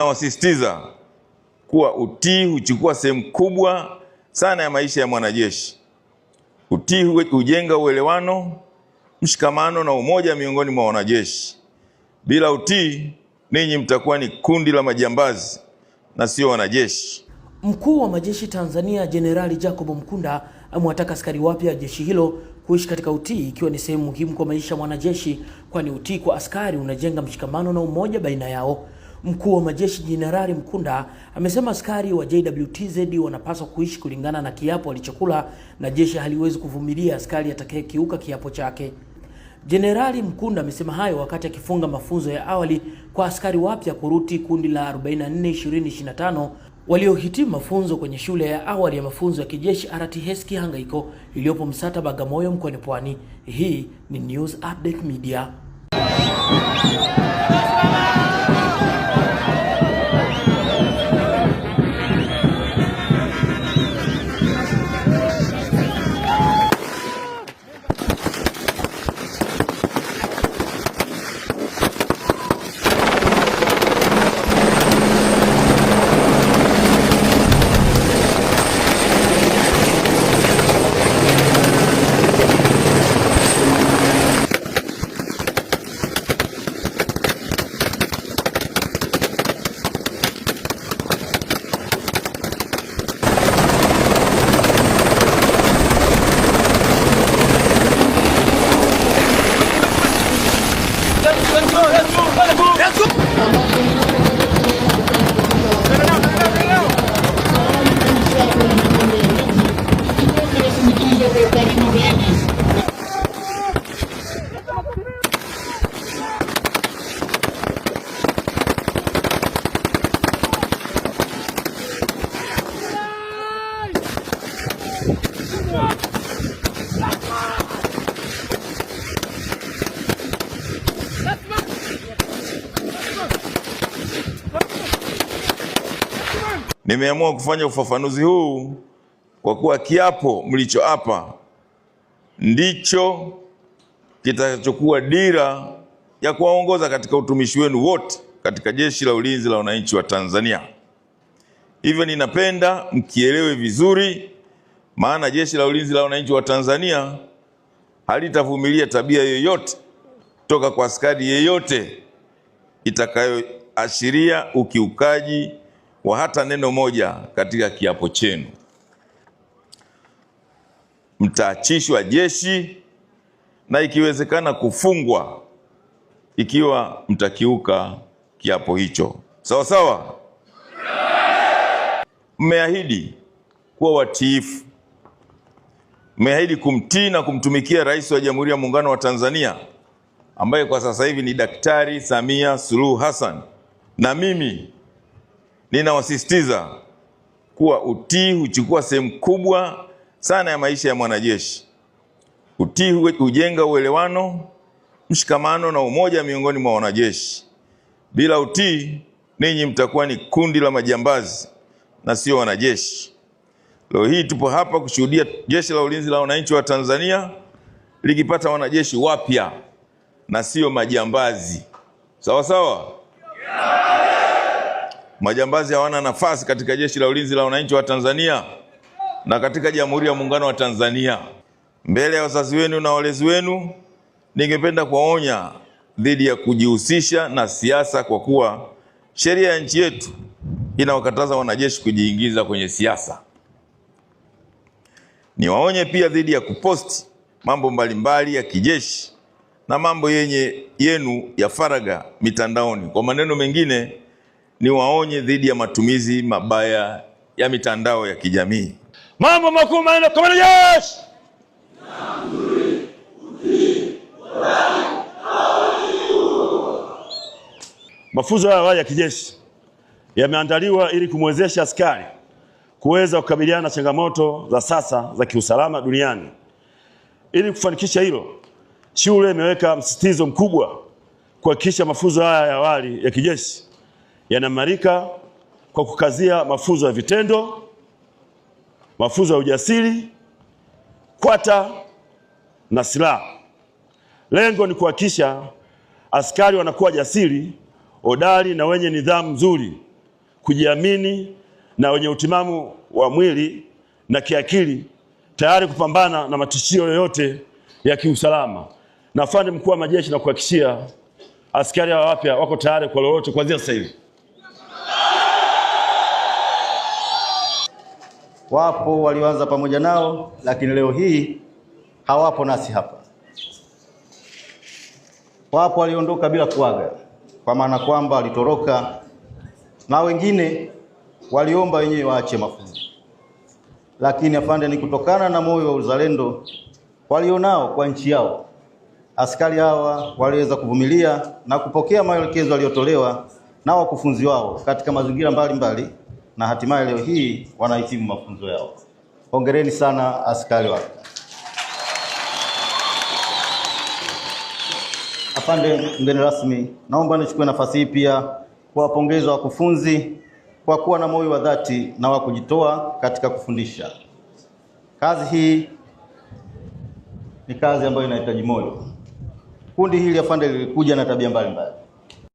Nawasisitiza kuwa utii huchukua sehemu kubwa sana ya maisha ya mwanajeshi. Utii hujenga uelewano, mshikamano na umoja miongoni mwa wanajeshi. Bila utii, ninyi mtakuwa ni kundi la majambazi na sio wanajeshi. Mkuu wa majeshi Tanzania Jenerali Jacob Mkunda amewataka askari wapya jeshi hilo kuishi katika utii ikiwa ni sehemu muhimu kwa maisha ya mwanajeshi, kwani utii kwa askari unajenga mshikamano na umoja baina yao. Mkuu wa majeshi Jenerali Mkunda amesema askari wa JWTZ wanapaswa kuishi kulingana na kiapo alichokula na jeshi haliwezi kuvumilia askari atakayekiuka kiapo chake. Jenerali Mkunda amesema hayo wakati akifunga mafunzo ya awali kwa askari wapya kuruti kundi la 44 2025 waliohitimu mafunzo kwenye shule ya awali ya mafunzo ya kijeshi RTS Kihangaiko iliyopo Msata, Bagamoyo, mkoani Pwani. Hii ni News Update Media. Nimeamua kufanya ufafanuzi huu kwa kuwa kiapo mlichoapa ndicho kitachokuwa dira ya kuwaongoza katika utumishi wenu wote katika Jeshi la Ulinzi la Wananchi wa Tanzania. Hivyo ninapenda mkielewe vizuri, maana Jeshi la Ulinzi la Wananchi wa Tanzania halitavumilia tabia yoyote toka kwa askari yeyote itakayoashiria ukiukaji wa hata neno moja katika kiapo chenu, mtaachishwa jeshi na ikiwezekana kufungwa, ikiwa mtakiuka kiapo hicho. Sawa sawa, mmeahidi kuwa watiifu, mmeahidi kumtii na kumtumikia Rais wa Jamhuri ya Muungano wa Tanzania ambaye kwa sasa hivi ni Daktari Samia Suluhu Hassan na mimi Ninawasisitiza kuwa utii huchukua sehemu kubwa sana ya maisha ya mwanajeshi. Utii hujenga uelewano, mshikamano na umoja miongoni mwa wanajeshi. Bila utii, ninyi mtakuwa ni kundi la majambazi na sio wanajeshi. Leo hii tupo hapa kushuhudia Jeshi la Ulinzi la Wananchi wa Tanzania likipata wanajeshi wapya na sio majambazi. Sawa sawa? Yeah. Majambazi hawana nafasi katika jeshi la ulinzi la wananchi wa Tanzania na katika Jamhuri ya Muungano wa Tanzania. Mbele ya wazazi wenu na walezi wenu, ningependa kuwaonya dhidi ya kujihusisha na siasa, kwa kuwa sheria ya nchi yetu inawakataza wanajeshi kujiingiza kwenye siasa. Niwaonye pia dhidi ya kuposti mambo mbalimbali ya kijeshi na mambo yenye yenu ya faraga mitandaoni. Kwa maneno mengine niwaonye dhidi ya matumizi mabaya ya mitandao ya kijamii. Mambo makuu manne kwa mwanajeshi Mafunzo haya ya kijeshi yameandaliwa ili kumwezesha askari kuweza kukabiliana na changamoto za sasa za kiusalama duniani. Ili kufanikisha hilo, shule imeweka msisitizo mkubwa kuhakikisha mafunzo haya ya awali ya kijeshi yanaimarika kwa kukazia mafunzo ya vitendo, mafunzo ya ujasiri, kwata na silaha. Lengo ni kuhakikisha askari wanakuwa jasiri, hodari na wenye nidhamu nzuri, kujiamini na wenye utimamu wa mwili na kiakili, tayari kupambana na matishio yoyote ya kiusalama. Na afande mkuu wa majeshi, na kuhakikishia askari hawa wapya wako tayari kwa lolote kuanzia sasa hivi. wapo walioanza pamoja nao, lakini leo hii hawapo nasi hapa. Wapo waliondoka bila kuaga, kwa maana kwamba walitoroka, na wengine waliomba wenyewe waache mafunzo. Lakini afande, ni kutokana na moyo wa uzalendo walionao kwa nchi yao, askari hawa waliweza kuvumilia na kupokea maelekezo yaliyotolewa na wakufunzi wao katika mazingira mbalimbali na hatimaye leo hii wanahitimu mafunzo yao. Hongereni sana askari wa Afande mgeni rasmi, naomba nichukue nafasi hii pia kuwapongeza wakufunzi kwa kuwa na moyo wa dhati na wa kujitoa katika kufundisha. Kazi hii ni kazi ambayo inahitaji moyo. Kundi hili Afande lilikuja na tabia mbalimbali